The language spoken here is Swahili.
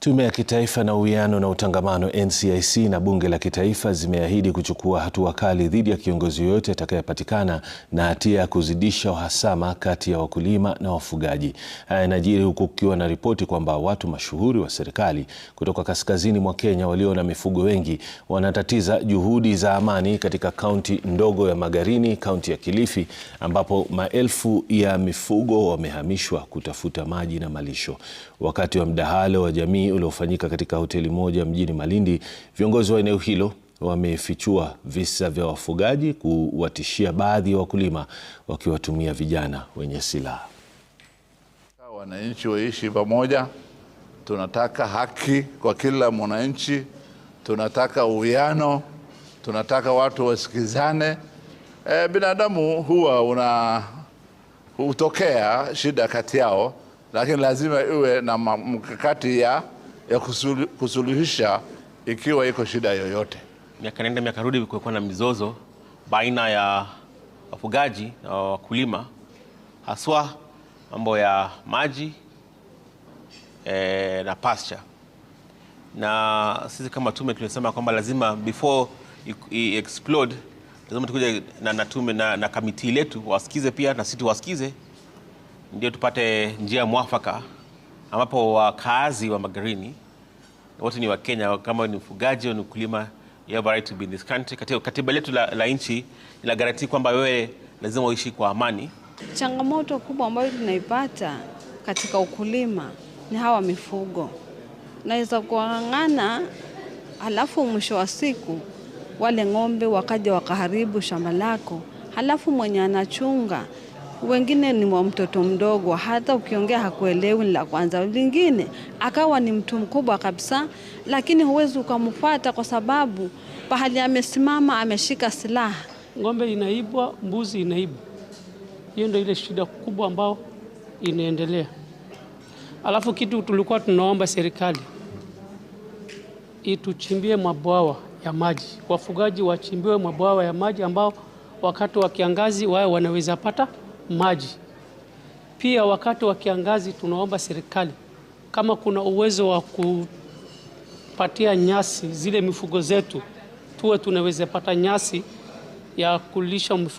Tume ya Kitaifa na Uwiano na Utangamano NCIC na Bunge la Kitaifa zimeahidi kuchukua hatua kali dhidi ya kiongozi yoyote atakayepatikana na hatia ya kuzidisha uhasama kati ya wakulima na wafugaji. Haya yanajiri huku kukiwa na ripoti kwamba watu mashuhuri wa serikali kutoka kaskazini mwa Kenya walio na mifugo wengi wanatatiza juhudi za amani katika kaunti ndogo ya Magarini, kaunti ya Kilifi, ambapo maelfu ya mifugo wamehamishwa kutafuta maji na malisho. Wakati wa mdahalo wa jamii uliofanyika katika hoteli moja mjini Malindi, viongozi wa eneo hilo wamefichua visa vya wafugaji kuwatishia baadhi ya wakulima wakiwatumia vijana wenye silaha. Wananchi waishi pamoja, tunataka haki kwa kila mwananchi, tunataka uwiano, tunataka watu wasikizane. E, binadamu huwa una hutokea shida kati yao, lakini lazima iwe na mkakati ya ya kusuluhisha ikiwa iko shida yoyote. Miaka nenda miaka rudi, kulikuwa na mizozo baina ya wafugaji na wakulima, haswa mambo ya maji e, na pasture. Na sisi kama tume tulisema kwamba lazima before i explode lazima tukuje na, na tume na, na kamiti letu wasikize pia na sisi tuwasikize, ndio tupate njia mwafaka ambapo wakaazi wa Magarini wote ni Wakenya, kama ni mfugaji au ni mkulima, you have a right to be in this country. Katika katiba letu la, la nchi ina garanti kwamba wewe lazima uishi kwa amani. Changamoto kubwa ambayo tunaipata katika ukulima ni hawa mifugo, naweza kuang'ana, halafu mwisho wa siku wale ng'ombe wakaja wakaharibu shamba lako, halafu mwenye anachunga wengine ni wa mtoto mdogo, hata ukiongea hakuelewi la kwanza. Lingine akawa ni mtu mkubwa kabisa, lakini huwezi ukamfuata kwa sababu pahali amesimama ameshika silaha. Ng'ombe inaibwa, mbuzi inaibwa. Hiyo ndio ile shida kubwa ambayo inaendelea. Alafu kitu tulikuwa tunaomba serikali ituchimbie mabwawa ya maji, wafugaji wachimbiwe mabwawa ya maji ambao wakati wa kiangazi wao wanaweza pata maji. Pia wakati wa kiangazi, tunaomba serikali kama kuna uwezo wa kupatia nyasi zile mifugo zetu, tuwe tunaweza pata nyasi ya kulisha mifugo.